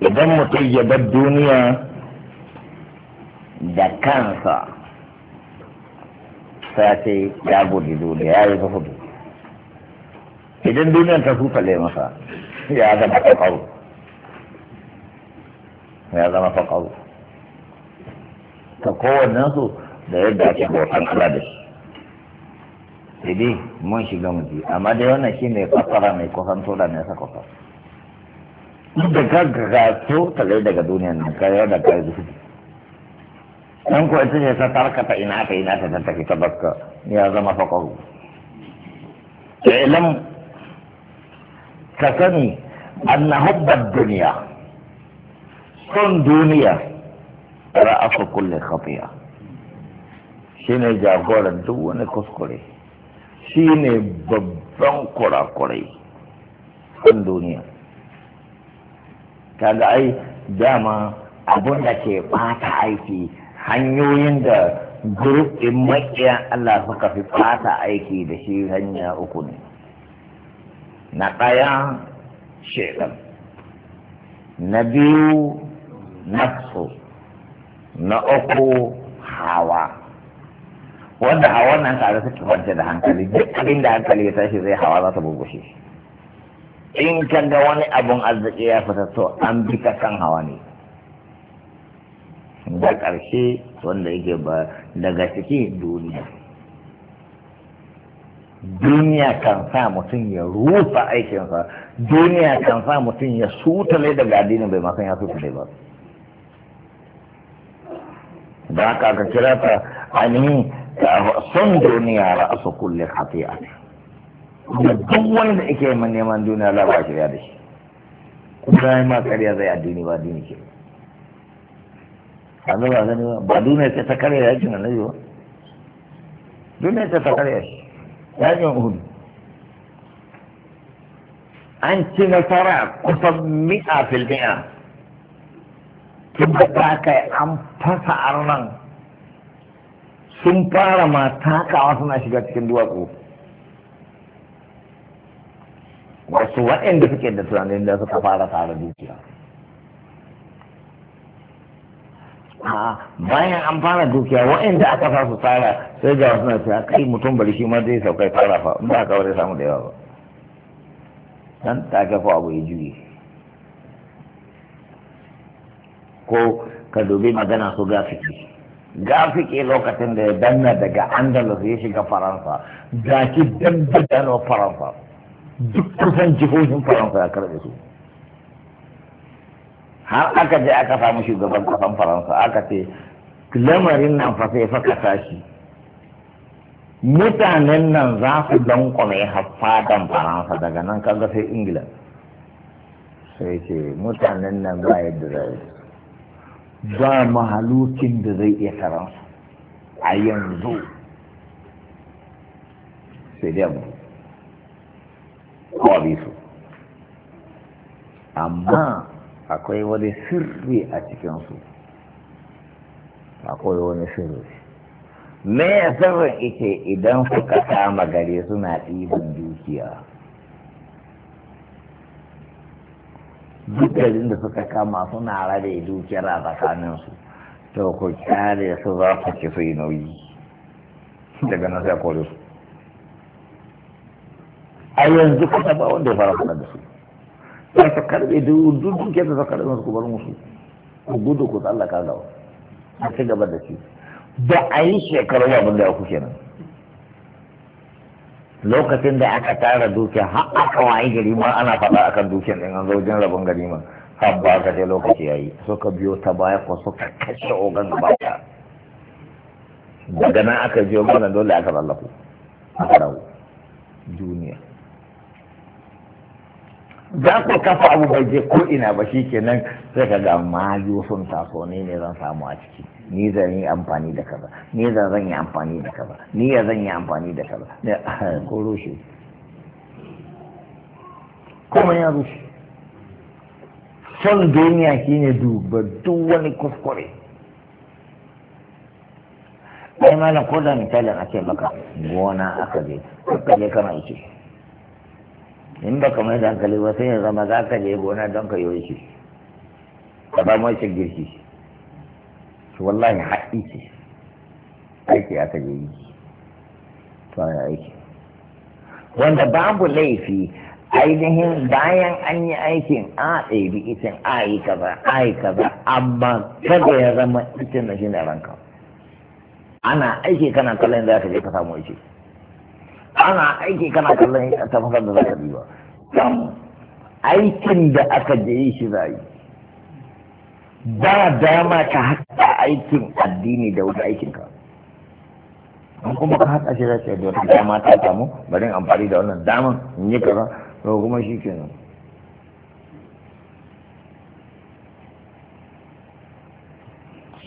idan mutum ya bar duniya da kansa ce ya gudu duniya ya yi hudu idan duniyan ta hufale masa ya zama fakaru ya zama fakaru ta kowane su da yadda ake bautan Allah da shi idi mun shiga mutu amma dai wannan shi ne kwakwara mai kusanto da nesa kusanto da gaggaga to talai daga duniyan nan kayar da kayar zuwa dan kuwa ita ce ta tarkata ina ta ina ta tafi ta bakka ya zama fakahu ta ilam ka sani anna hubbar duniya son duniya ra'afa kulle khafiya shine jagoran duk wani kuskure shine babban kurakurai son duniya kaga ai dama abun da ke bata aiki hanyoyin da gurup din Allah suka fi bata aiki da shi hanya uku ne na ɗaya shekan na biyu nafsu na uku hawa wanda hawa nan tare suke kwance da hankali duk abin da hankali ya tashi zai hawa za ta bugushe shi in ka ga wani abun arziki ya fita to an bi ka kan hawa ne da ƙarshe wanda yake ba daga ciki duniya duniya kan sa mutum ya rufa aikinsa duniya kan sa mutum ya sutale daga addinin bai masan ya sutale ba da haka ka kira ta ainihin son duniya ra'asa kulle ne da duk wani da ake man neman duniya Allah ba shirya da shi kuma ya ma karya zai addini ba addini ke a zaba gani ba ba duniya ce ta karya yakin na yiwa? duniya ce ta karya shi yakin uhud an ci nasara kusan mi'a fil mi'a tun da ta kai an fasa arnan sun fara ma takawa suna shiga cikin duwatsu wasu waɗanda suke da tunanin da suka fara tare dukiya bayan an fara dukiya waɗanda aka sa su tsara sai ga wasu na cewa kai mutum bari shi ma zai saukai fara fa ba ka wani samu da yawa ba dan ta gafa abu ya juye ko ka dubi magana su gafiki gafiki lokacin da ya danna daga andalus ya shiga faransa da ki dabba faransa duk kusan jihohin faransa ya karɓe su har aka je aka samu shugaban kasan faransa aka ce lamarin nan fa sai faka tashi mutanen nan za su kwame fadan faransa daga nan kaga sai ingila sai ce mutanen nan ba yadda yi ba mahalukin da zai iya faransa a yanzu sai dai kwabisu amma ah. akwai wani sirri a cikin su akwai wani sirri me ya sirrin ike idan suka kama gare suna ɗibin dukiya duk da suka kama suna rabe dukiyar a tsakaninsu to ku kyale su za su ci su yi nauyi daga nan sai a yanzu kuma ba wanda ya fara faɗa da su ya za karbe da dukkan duke da su karbe masu kubar musu ku gudu ku tsallaka gawa a ci gaba da shi ba a yi shekaru abin da ya kuke nan lokacin da aka tara dukiya har aka wayi gari ma ana faɗa akan dukiyar ɗin an zo wajen rabon gari ma har ba ka sai lokaci yayi suka biyo ta baya ko suka kashe ogan gaba ɗaya daga nan aka biyo mana dole aka lallaku a karawo duniya za ku kafa abu bai je ko ina ba shi kenan sai ka ga yi sun taso ne ne zan samu a ciki ni zan yi amfani da kaza ni zan zan yi amfani da kaza ni ya zan yi amfani da kaza ne ko rushe kuma ya rushe son duniya shine duba duk wani kuskure ai malam ko da misalin ake maka gona aka je aka je kana ice in ba ka mai hankali ba sai ya zama za ka je gona don ka yi shi ka ba mai girki to wallahi haɗi ce aiki aka je yi to ya aiki wanda babu laifi ainihin bayan an yi aikin a ɗabi itin a yi kaza a yi kaza amma kada ya zama itin na shi ne ranka ana aiki kana kallon za ka je ka samu aiki ana aiki kana kallon ta fasar da zaka ba sam aikin da aka je yi shi za yi ba dama ka haɗa aikin addini da wani aikin ka an kuma ka haɗa shi za ka yi wata dama ta samu bari in amfani da wannan daman in yi kaza to kuma shi kenan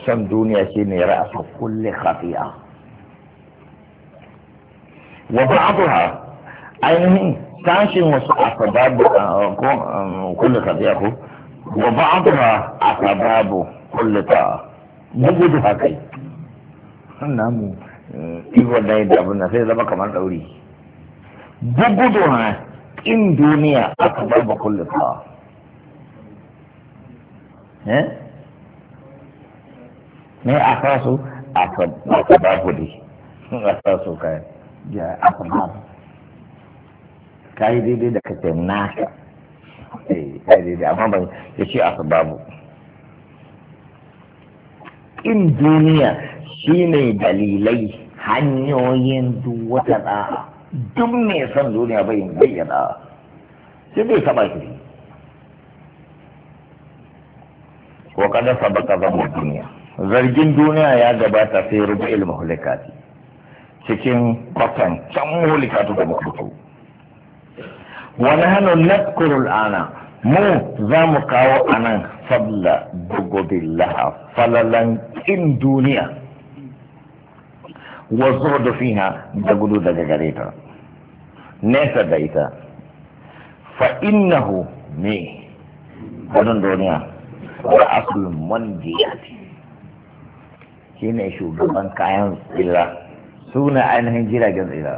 san duniya shi ne ra'asa kulle khati'a wa ba'daha ainihin tashin wasu asbabu ah, ko um, kullu tabi'a ko wa ba'daha asbabu kullu ta bugu da kai sannan namu. Eh, iko da da abin sai zama kamar dauri bugu da in duniya asbabu kullu ta eh ne asasu asababu dai asasu kai da asbab kai daidai da ka naka eh kai daidai amma ban yace asbabu in duniya shine dalilai hanyoyin duwata wata da'a duk mai son duniya bai bayyana sai bai saba shi wa kada sabaka zamu duniya zargin duniya ya gabata sai rubu'il muhlikati cikin kwatan can mulika ta da mutu wani hannun nadkurul ana mu za mu kawo anan fadla bugudillaha falalan in duniya wa zuhudu fiha da gudu daga gare ta nesa da ita fa innahu ne gudun duniya wa asulun wanda ya shi ne shugaban kayan tsira su ne ainihin jiragen tsira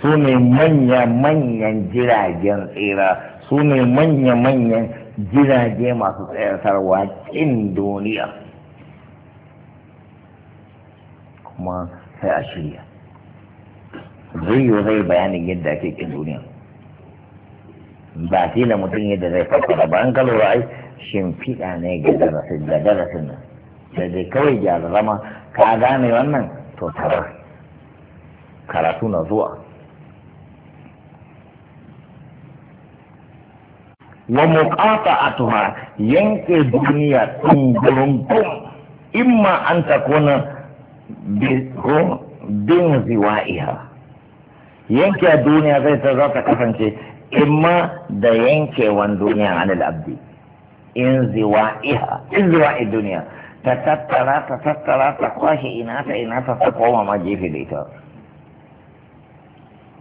su ne manya-manyan jiragen tsira su ne manya-manyan jirage masu tsayarwa ƙin duniya kuma sai a shirya zai zai bayanin yadda ake ƙin duniya ba da mutum yadda zai fassara ba an kalora ai shimfiɗa ne ga darasin nan da dai kawai gyara zama ka gane wannan to tara karatu na zuwa wa tuha yanke duniya in ma an takuna bin iya yanke duniya zai ta za kasance in ma da yankewan duniya anil abdi in iya in iya duniya ta tattara ta tattara ta kwashe ina ta ina ta ta koma ma jefe da ita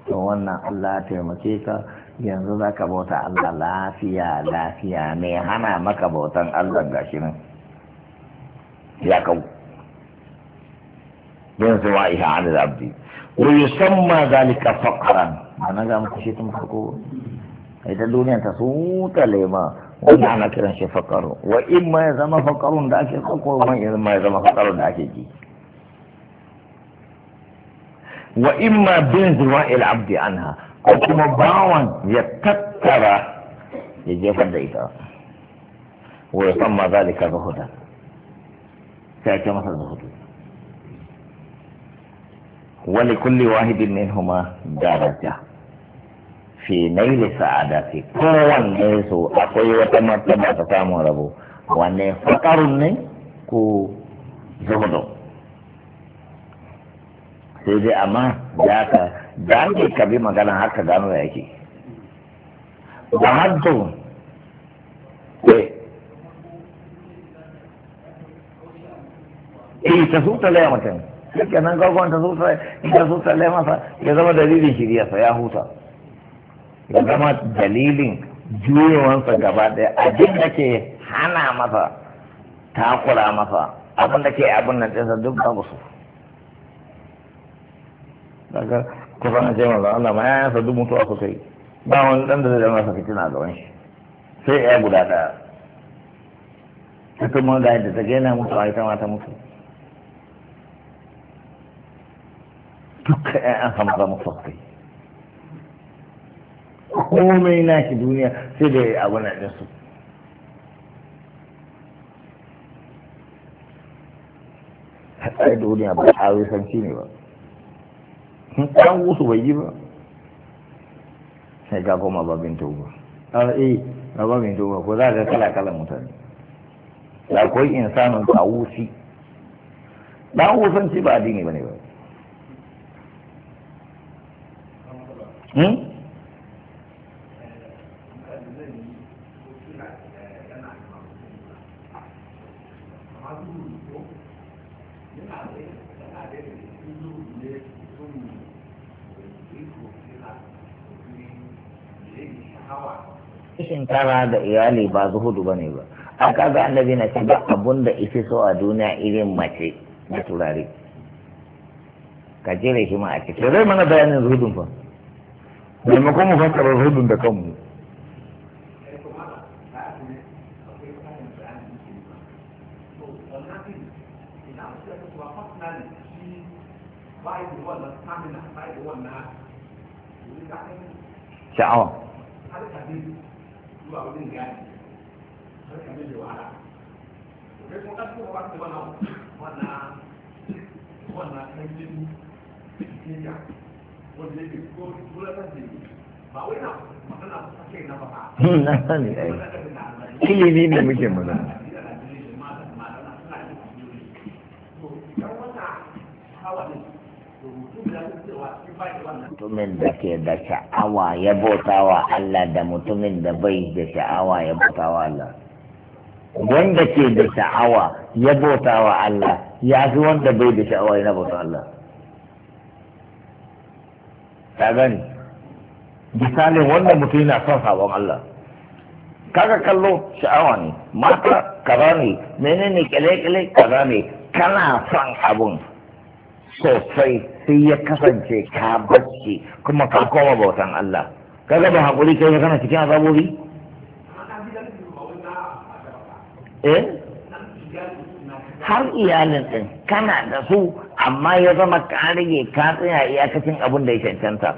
to wannan Allah taimake ka yanzu za ka bauta Allah lafiya lafiya ne hana maka bautan Allah gashi nan ya kawo bin zuwa iha an abdi wa yusamma zalika faqran ana ga muku shi tun farko ita duniyar ta su ta lema wanda ana kiran shi fakaru wa in ma ya zama fakarun da ake tsako ma ya zama ya zama fakarun da ake ji wa in ma bin zuwa abdi anha ko kuma bawan ya tattara ya jefar da ita wa ya san ma zalika zuhuda sai ake masa zuhudu wa li kulli wahidin minhuma daraja fi naili sa'ada fi kowanne su akwai wata martaba ta samun rabo wanne fakarun ne ko zuhudu sai dai amma ya ka da ka bi magana har ka gano da yake haddu eh, eh ta laya mutum shi kenan ta ta laya masa ya zama dalilin shirya sa ya huta ya zama dalilin juyewansa gaba ɗaya abin da ke hana masa takura masa abin da ke abin nan ɗinsa duk babu su daga kusan a ce manzo Allah ma ya yansa duk mutuwa suka yi ba wani ɗan da zai masa fitina ga wani sai ya guda ɗaya ta kuma da yadda ta gaina mutuwa ita ma ta mutu duk ƴaƴansa maza mutuwa suka yi komai na shi duniya sai da ya abu na su ai duniya ba a wisanci ne ba hm, kan wusu bai yi ba sai ga kuma babin togo a eh babin togo ko za ga kala kala mutane da akwai insanin wusi dan wusanci ba ba ne ba hm? in kana da iyali ba zuhudu ba ne ba a kaga annabi na ce ba abun da ifi so a duniya irin mace na turare ka jere shi ma a ciki zai mana bayanin zuhudun fa maimakon mu fassara zuhudun da kanmu sha'awa da mutumin da ke da sha'awa ya bauta wa Allah da mutumin da bai da sha'awa ya bauta wa Allah wanda ke da sha'awa ya bauta wa Allah ya fi wanda bai da sha'awa ya bauta Allah ta gani misalin wannan mutum yana son sabon Allah kaga kallo sha'awa ne mata kaza ne menene kyale-kyale kaza ne kana son abun sosai sai ya kasance ka bacci kuma ka koma bautan Allah kaga ba hakuri kai kana cikin azabobi Eh? har iyalin din kana da su amma ya zama ka rage ka tsaya iyakacin abin da ya cancanta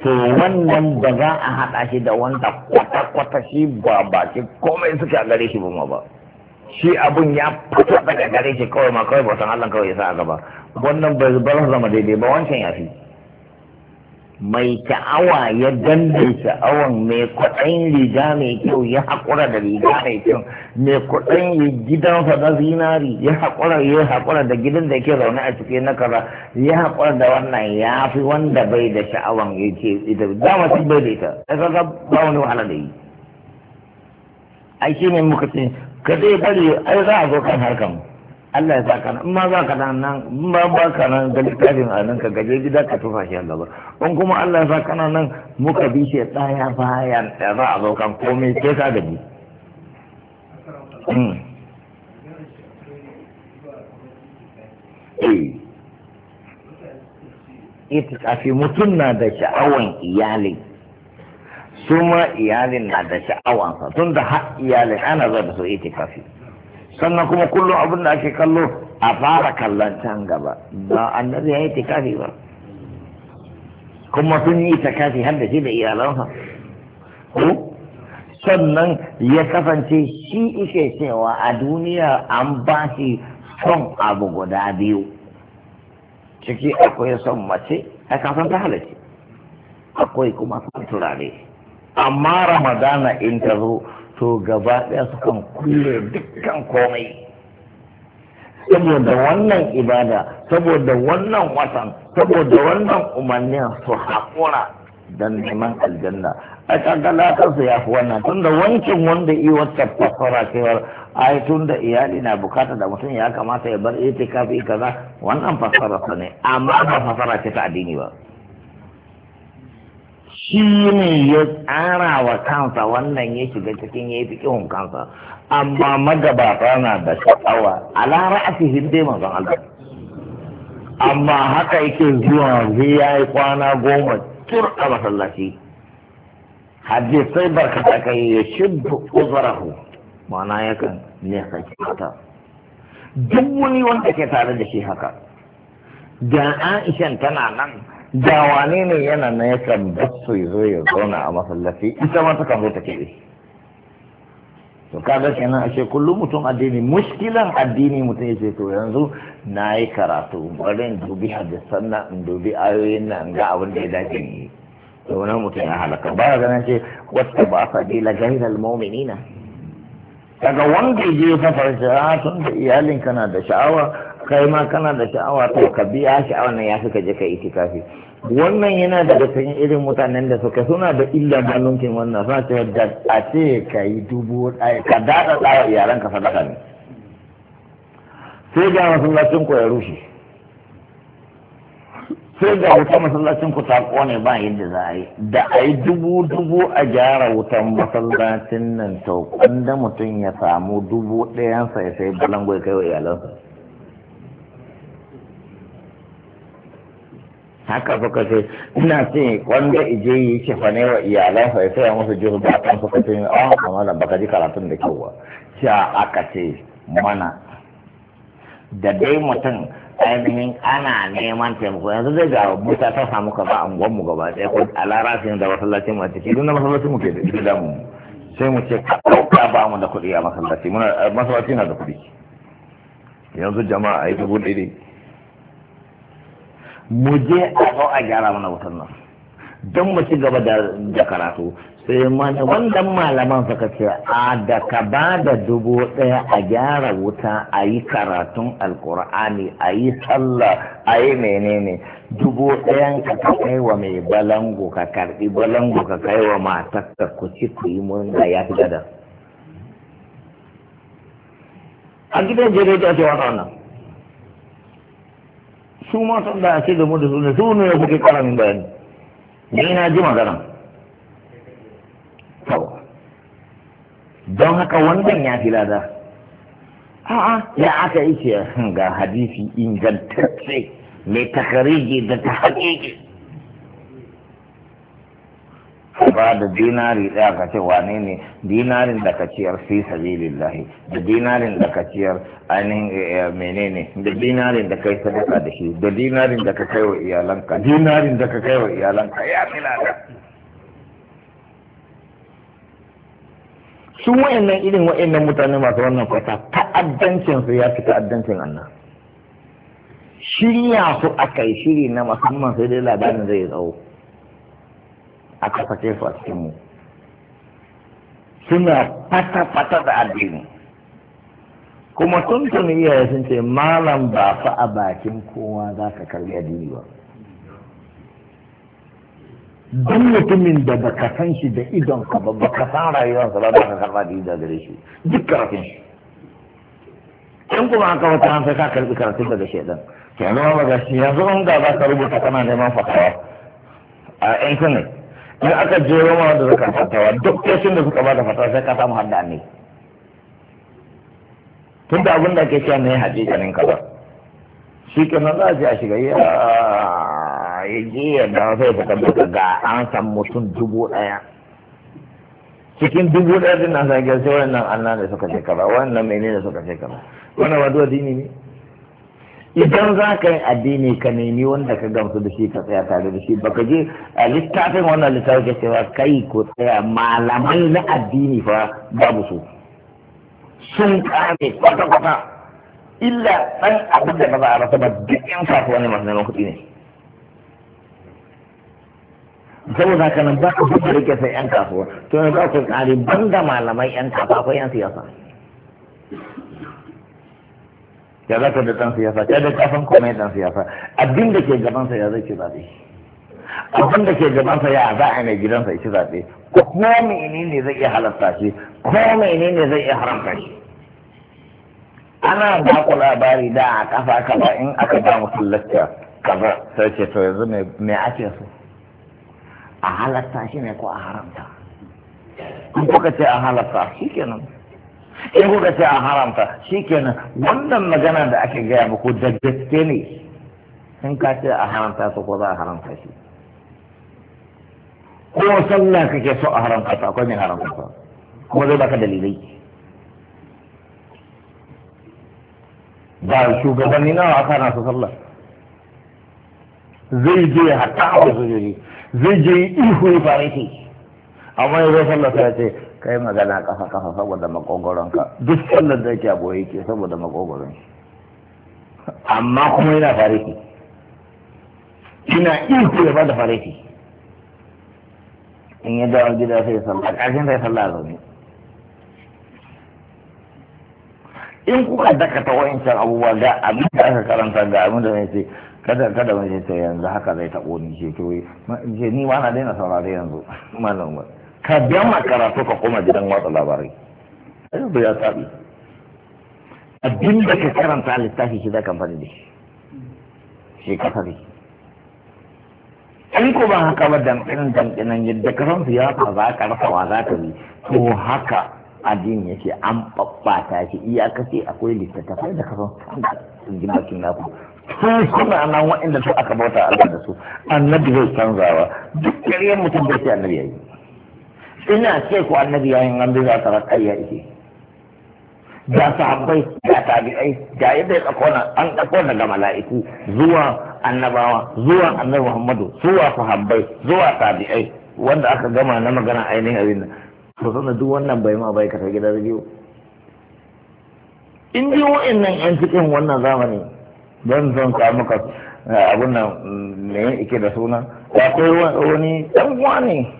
to wannan ba za a haɗa shi da wanda kwata-kwata shi ba ba shi komai suka gare shi ba ma ba shi abun ya fito daga gare shi kawai ma kawai ba san Allah kawai ya sa a gaba wannan ba zama daidai ba wancan ya fi mai sha'awa ya dande sha'awan mai kwaɗayin riga mai kyau ya haƙura da riga mai kyau mai kwaɗayin gidan na zinari ya haƙura ya haƙura da gidan da ke zaune a cikin na kaza ya haƙura da wannan ya fi wanda bai da sha'awan ya ce ita dama shi bai da ita ya kaga ba wani wahala da yi ai shi ne muka ce ka zai bari ai za a zo kan harkar mu Allah ya saka nan ma za nan nan ba ba ka nan ga littafin a nan ka gaje gida ka tufa shi Allah ba in kuma Allah ya saka nan nan muka bi shi tsaya bayan da ba a zo kan komai sai ka gaji hmm. eh. kafi mutum na da sha'awan iyalin su ma iyalin na da sha'awansa tun da har iyalin ana zaba so ita kafi sannan kuma kullum abin da ake kallo a fara kallon can gaba ba annabi ya yi tikafi ba kuma sun yi tikafi har da shi da iyalansa ko sannan ya kasance shi ike cewa a duniya an ba shi son abu guda biyu ciki akwai son mace a kasan ta halarci akwai kuma son turare amma ramadana in ta zo to gaba ɗaya sukan kulle dukkan komai saboda wannan ibada saboda wannan watan saboda wannan umarnin su haƙura don neman aljanna a kaga su ya fi wannan tun da wankin wanda yi wata fasara cewar ai da iyali na bukata da mutum ya kamata ya bar kafi kaza wannan fasara ne amma ba fasara ce ta addini ba shi ne ya tsara wa kansa wannan ya shiga cikin ya yi fikihun kansa amma magabata na da sha'awa a lara'atihin dai manzon Allah amma haka yake zuwa zai ya yi kwana goma tur a masallaci hadisai ta kai ya shibbu uzarahu ma'ana yakan nesa kata duk wani wanda ke tare da shi haka da aishan tana nan da wane ne yana na yakan basu ya zo ya zauna a masallaci ita ma takan zo ta keɓe to kaga kenan ashe kullum mutum addini mushkilan addini mutum ya ce to yanzu na yi karatu bari in dubi hadisan na in dubi ayoyin na ga abin da ya dace ni to wannan mutum ya halaka ba ga nan ce wasu ba sa dila gairal mu'minina daga wanda ya je ya fafar ah, tun da iyalinka na da sha'awa kai ma kana da sha'awa to ka biya sha'awa nan ya fi ka je ka itikafi wannan yana daga cikin irin mutanen da suka suna da illa malumkin wannan suna ta yadda a ce ka yi dubu ka daɗa tsawa yaran ka sadaka ne sai ga masallacin ku ya rushe sai ga wuta masallacin ku ta kone ba yadda za a yi da a yi dubu dubu a gyara wutan masallacin nan to da mutum ya samu dubu ɗayansa ya sai balango kai wa iyalansa haka suka ce ina ce wanda ije yi shafa ne wa sai ya musu jihu da kan suka ce a ah, kamala baka ji karatun da kyau ba sha aka ce mana da dai mutum ainihin ana neman taimako yanzu zai ga buta ta samu ba a unguwan mu gaba ɗaya ko a larabcin da masallacin mu a ciki duk na masallacin mu ke da damu sai mu ce ka ɗauka ba mu da kuɗi a masallaci masallaci na da kuɗi yanzu jama'a a yi dubu ɗaya mu je a zo a gyara mana wutan nan don mu ci gaba da karatu sai mana wannan malaman suka ce a da ka ba da dubu ɗaya a gyara wuta a yi karatun alkur'ani a yi sallah a yi menene dubu ɗayan ka ka kai wa mai balango ka karɓi balango ka kai wa matarka ku ci ku yi murna ya fi gada a gidan jirage ake wannan su ma da ake da mu da su su ne ya kuke karamin bayani ni na ji magana don haka wannan ya fi lada a'a ya aka yi ce ga hadisi ingantacce mai takariji da ta haƙiƙi ka ba da dinari ɗaya ka ce wane ne dinarin da ka ciyar fi sabilillahi da dinarin da ka ciyar ainihin eh, eh, menene da dinarin da kai sadaka da shi da dinarin da ka kai wa iyalanka dinarin da ka kai wa iyalanka ya da. sun wa'annan irin wa'annan mutane masu wannan kwata ta'addancin su ya fi ta'addancin annan shirya su aka yi shiri na musamman sai dai labarin zai tsawo a kaface su a cikinmu suna fata-fata da addini kuma sun tuni iyaye sun ce malam ba fa a bakin kowa za ka karbi addini ba don mutumin da ba ka san shi da idon ka ba ba ka san rayuwarsa ba ba ka karba da idon gare shi duk karfin shi in kuma an kawo an sai ka karbi karatun daga shaidan kenan ma ba ga shi yanzu an ga za ka rubuta kana neman fatawa a intanet in aka je roma wanda zaka fatawa duk kashin da suka bada fatawa sai ka samu hada ne tun da abin da ke cewa ne haji ganin kaza shi ke nan za a ce a shiga ya yi yadda ya fita daga ga an san mutum dubu daya cikin dubu daya din nan sai ga sai wannan Allah ne suka shekara wannan menene suka shekara wannan ba duwa dini ne idan za ka yi addini ka nemi wanda ka gamsu da shi ka tsaya tare da shi baka je a littafin wannan littafin ka cewa kai ko tsaya malamai na addini fa babu su sun kare kwata-kwata illa ɗan abin da ba za a rasa ba duk yan kasuwa ne masu neman kuɗi ne saboda haka nan ba a da rike sai yan kasuwa to yanzu akwai kare ban da malamai yan kasuwa ko yan siyasa ya za ka da ɗan siyasa ka da kafin kuma ya ɗan siyasa abin da ke gabansa ya zai ci zaɓe abin da ke gabansa ya za a mai gidansa ci zaɓe ko mene ne zai iya halarta shi ko mene ne zai iya haramta shi ana ba ku labari da a kafa kaza in aka ba mutum lakta kaza sai ce to yanzu me ake so a halarta shi ne ko a haramta in kuka ce a halarta shi kenan in kuka ce an haramta shi kenan wannan magana da ake gaya muku da gaske ne in ka ce a haramta su ko za a haramta shi ko sallah kake so a haramta ta ko min haramta ta kuma zai baka dalilai ba shugabanni nawa aka na su sallah zai je hatta a wasu zai je ihu ya fara amma ya zo sallah sai ya ce kai magana kafa kafa saboda ka duk sallar da yake a boye ke saboda makogoron shi amma kuma yana fariki ina iko ya bada fariki in ya dawo gida sai ya sallah ƙarshen sai sallah zaune in kuka dakata can abubuwa ga abin da aka karanta ga abin da zai kada kada mai ce yanzu haka zai taɓo ni ce to ni ma na daina saurare yanzu malam ka gama karatu ka koma gidan watsa labarai yanzu ya tsabi abin da ka karanta littafi shi za kamfani da shi shi kasari in ko ba haka ba damkinin damkinin yadda ka san siyasa za ka rasa wa za ka yi to haka addini yake an babbata shi iyakace akwai littattafai da ka san sun ji na naku sun suna nan wa'inda su aka bauta Allah da su annabi zai canzawa duk ƙaryar mutum da shi annabi ya yi ina ce ku annabi yayin an bi za ta rakayya yake da sahabbai da tabi'ai da yadda ya na an na ga mala'iku zuwa annabawa zuwa annabi Muhammadu zuwa sahabbai zuwa tabi'ai wanda aka gama na magana ainihin abin nan to sannan duk wannan bai ma bai kasa gidan rediyo in ji wa'annan yan cikin wannan zamani don zan ka muka eh, abun nan me yake da suna akwai wani dan wani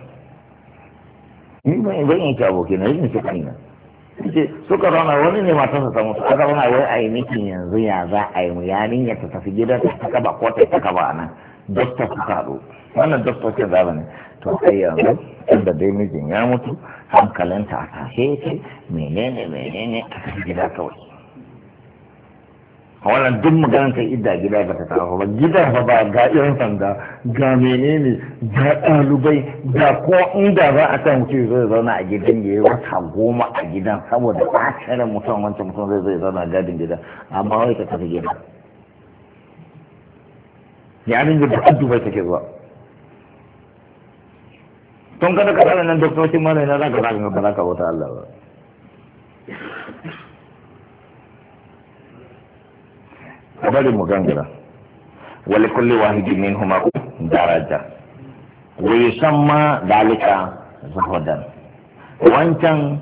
ni ban ban yake aboki na yin shi kanina ce suka zauna wani ne matarsa ta mutu aka zauna wai a yi mikin yanzu ya za a yi mu yarinya ta tafi gidan ta kaba ko ta kaba nan dokta suka haɗu wannan dokta ce zaba ne to sai yanzu tunda dai mijin ya mutu hankalinta a tashe yake menene menene a gida kawai a wannan duk maganar ta idda gida ba ta tafi ba gida ba ba ga irin sanda ga menene ga ɗalibai ga ko inda za a san mutum zai zauna a gidan ya yi wata goma a gidan saboda ɓacin mutum wancan mutum zai zai zauna a gadin gida amma wai ta tafi ya yarin yi duk dubai take zuwa tun kada ka nan doktocin malai na za ka za ba za ka bauta Allah ba bari mu gangara wali kulli wahidin minhuma daraja wa yusamma dalika zuhudan wancan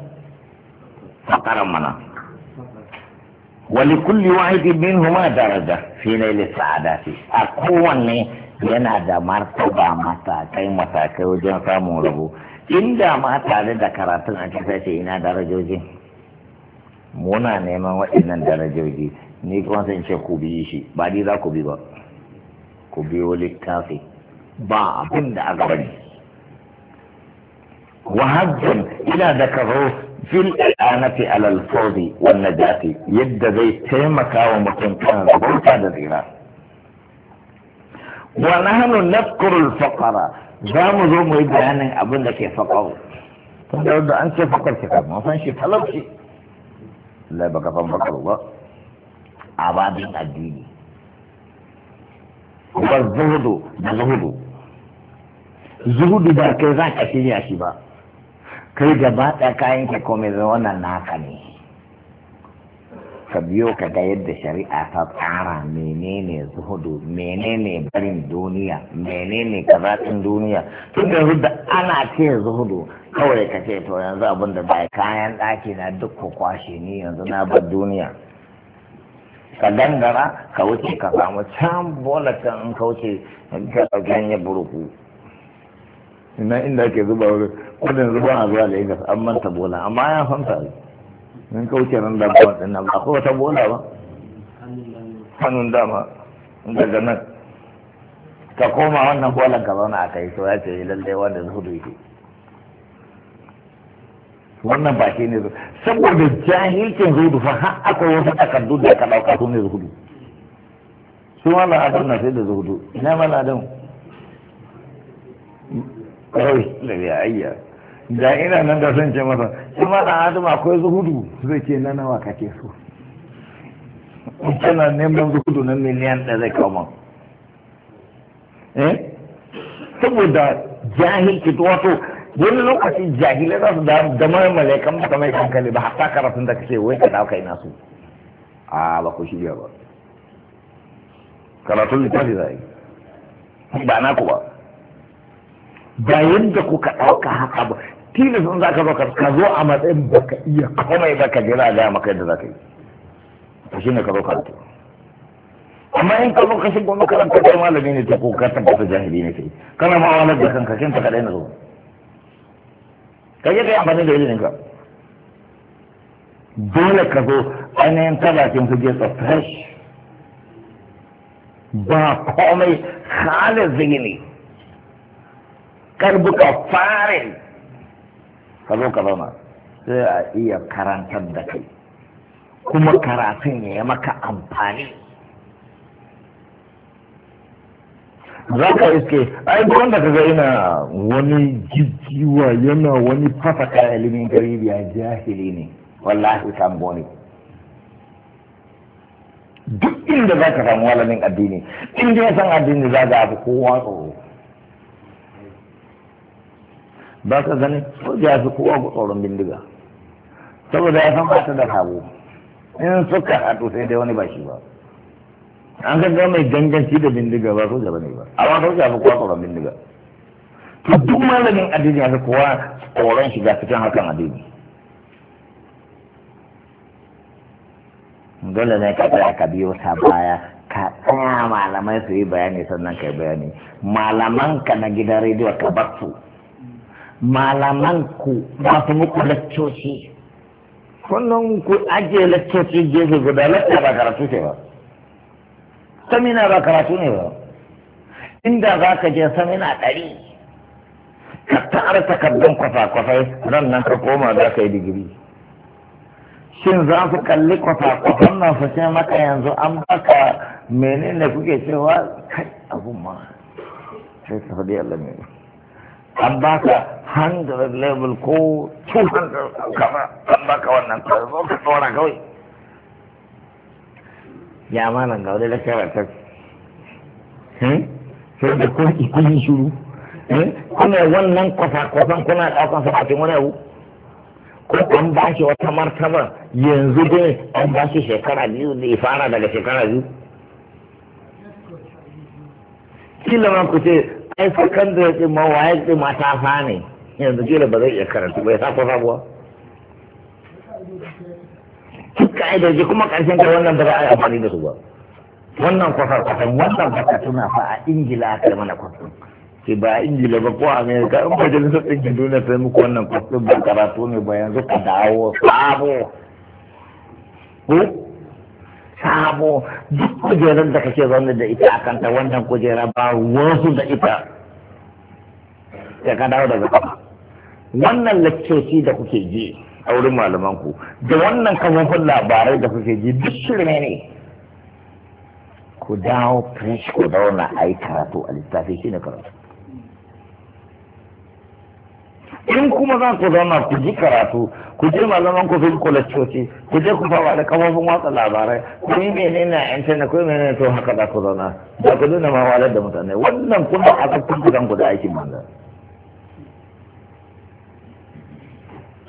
fakaran mana wali kulli min huma daraja fi nail sa'adati a kowanne yana da martaba matakai matakai wajen samun rabo inda ma tare da karatun a kasa ce ina darajoji muna neman waɗannan darajoji ni kuma san ce ku biye shi ba ni za ku bi ba ku biyo littafi ba abin da aka bari وهجم الى ذكره في الاعانة على الفوز والنجاة يد زي تيمكا ومكن كان زبوتا دزيرا ونحن نذكر الفقراء زام زوم يبيان ابن لك فقر فلو انت فقر كتاب ما فانش طلب شيء لا بقى فان فقر الله a addini kuma zuhudu da zuhudu zuhudu ba kai za ka shirya shi ba kai gaba ɗaya kayan ka komai zai wannan naka ne ka biyo ka ga yadda shari'a ta tsara menene zuhudu menene barin duniya menene kazatin duniya tun da da ana ce zuhudu kawai ka ce to yanzu abin da bai kayan ɗaki na duk ku kwashe ni yanzu na bar duniya ka dangara ka wuce ka samu can bola can in ka wuce ka ɗauki hanya buruku ina inda ake zuba wuri kudin zuba a zuwa lagos an manta bola amma ya fanta in ka wuce nan da ba ɗin nan ba ko wata bola ba hannun dama daga nan ka koma wannan bolan ka zauna a kai so ya ce lallai wanda zuhudu yake wannan ba shi ne saboda jahilcin zuhudu fa har akwai wasu takardu da aka ɗauka su ne zuhudu su ma adam na sai da zuhudu ina ma adam kawai da ya ayya da ina nan da san ce masa su ma da adam akwai zuhudu zai ce na nawa kake so kana neman zuhudu na miliyan ɗaya zai kawo eh saboda jahilci wato wani lokaci jahilai za su da marmale kan baka mai hankali ba hatta karatun da kace wai ka dauka ina su a ba ku shirya ba karatun littafi za yi ba na ku ba ba yadda ka dauka haka ba tilis in ka zo ka zo a matsayin ka iya komai ba ka jira da maka yadda ka yi shi ne ka zo karatu amma in ka zo ka shigo makaranta kai malami ne ta ko ka tabbata jahili ne yi kana ma'amalar da kanka kin ta kadai na zo ka je ka yi amfani da ilimin ka dole ka zo ainihin tabakin su je fresh ba komai halin zini karbuka farin ka zo ka zauna sai a iya karantar da kai kuma karatun ya yi maka amfani za ka iske ai wanda ka ga ina wani jijjiwa yana wani fafata ilimin garibi ya jahili ne wallahi tambo ne duk inda za ka samu walamin addini in ya san addini za ga abu kowa tsoro ba ka gani ya fi kowa ku tsoron bindiga saboda ya san ba ta da sabo in suka haɗu sai dai wani ba shi ba an ga mai ganganci da bindiga ba soja ba ne ba amma soja ba kuwa tsoron bindiga to duk malamin addini haka kuwa tsoron shiga cikin hakan addini dole ne ka tsaya ka biyo ta baya ka tsaya malamai su yi bayani sannan ka yi bayani malaman ka na gidan rediyo ka bar su malaman ku ba su muku laccoci kullum ku ajiye laccoci gefe guda lacca ba karatu ce ba samina ba karatu ne ba inda za ka je samina ɗari ka tara takardun kwafa-kwafai ran nan ka koma za ka yi digiri shin za su kalli kwafa-kwafan nan su ce maka yanzu an baka menene kuke cewa kai abun ma sai su faɗi Allah ne an baka 100 level ko 200 kama an baka wannan ka zo ka tsora kawai ya malam ga wani lakara ta hmm? sai da kun ikuni shuru hmm? kuna wannan kwasa-kwasan kuna ɗaukan sa cikin wani abu ko an ba shi wata martaba yanzu dai an ba shi shekara biyu ne fara daga shekara biyu kila ma ku ce ai sakandare ɗin ma waye ɗin ma fa ne yanzu kila ba zai iya karatu bai sa kwasa kuwa duk kuma ƙarshen ta wannan ba za a yi amfani da su ba wannan kwasar kwasar wannan baka suna fa a ingila aka yi mana kwasar ke ba a ingila ba ko amerika in majalisar ɗinkin duniya ta yi muku wannan kwasar ba karatu ne ba yanzu ka dawo sabo ko sabo duk kujerar da kake zaune da ita akan ta wannan kujera ba wasu da ita ya ka dawo daga wannan lakcoci da kuke ji a wurin malaman ku da wannan kafofin labarai da kuke ji duk shirme ne ku dawo fresh ku zauna a yi karatu a littafi shi ne karatu in kuma za ku zauna ku ji karatu ku je malaman ku fil kulacoci ku je ku fawa da kafofin watsa labarai ku yi menene a intanet ku yi menene to haka za ku zauna da ku nuna ma walar da mutane wannan kuma a cikin gidan ku da aikin manzara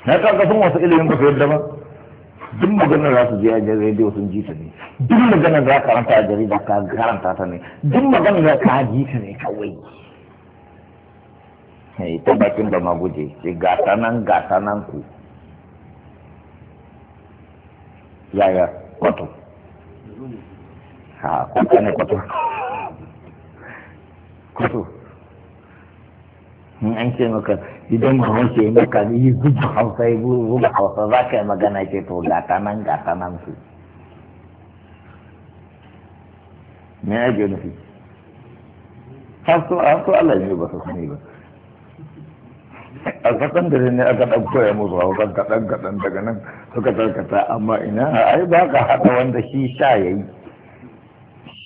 na kaga sun wasu ilimin ba su yadda ba duk magana za su je a rediyo sun ji ta ne duk magana za ka karanta a jarida ka karanta ta ne duk magana za ka ji ta ne kawai ta bakin ba ma guje ce gata nan gata nan ku yaya kwato ha kuka ne kwato kwato in an ce maka idan ba ke maka yi gudu hausa yi gudu hausa za ka yi magana ce to gata nan gata nan su me ya ke nufi har so Allah ne ba su sani ba a kasan da ne aka ɗan koya musu hausa kaɗan kaɗan daga nan suka tarkata amma ina ai ba ka haɗa wanda shi sha ya yi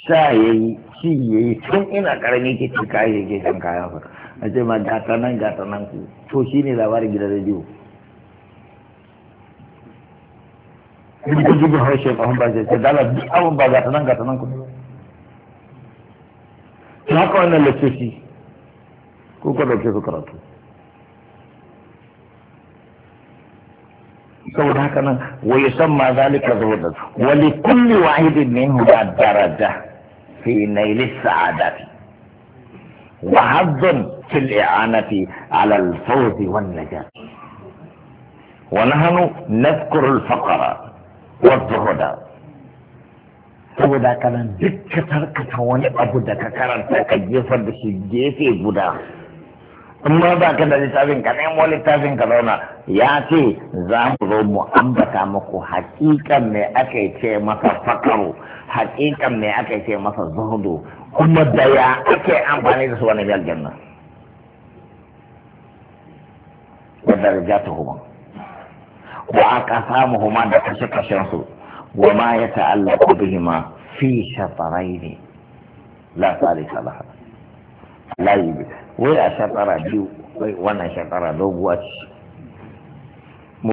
sha ya yi shi ya yi tun ina ƙarami ke cika ke shan kayan fata a ce ma gata nan gata ku to shi ne labarin gidan rediyo in ka ji ba sai dala ba ku wannan ko ka dauke su karatu saboda haka nan wa yusamma zalika zuhudan wa li kulli wahidin minhu daraja fi nail saadati وحظ في الإعانة على الفوز والنجاة ونحن نذكر الفقر والزهد saboda kanan duk ka tarkata wani abu da ka karanta ka jefar da shi gefe guda amma ba ka da littafin ka nemo littafin ka zauna ya ce za mu zo mu ambata muku hakikan me aka ce masa fakaru hakikan me aka ce masa zuhudu kuma da ya ake amfani da su wani biyar janna wa darajatuhuma wa aqsamuhuma da kashe kashen su wa ma yata'allaqu ma fi shatrayn la salisa laha la yubisa wai a shakara biyu wai wannan shakara doguwa ce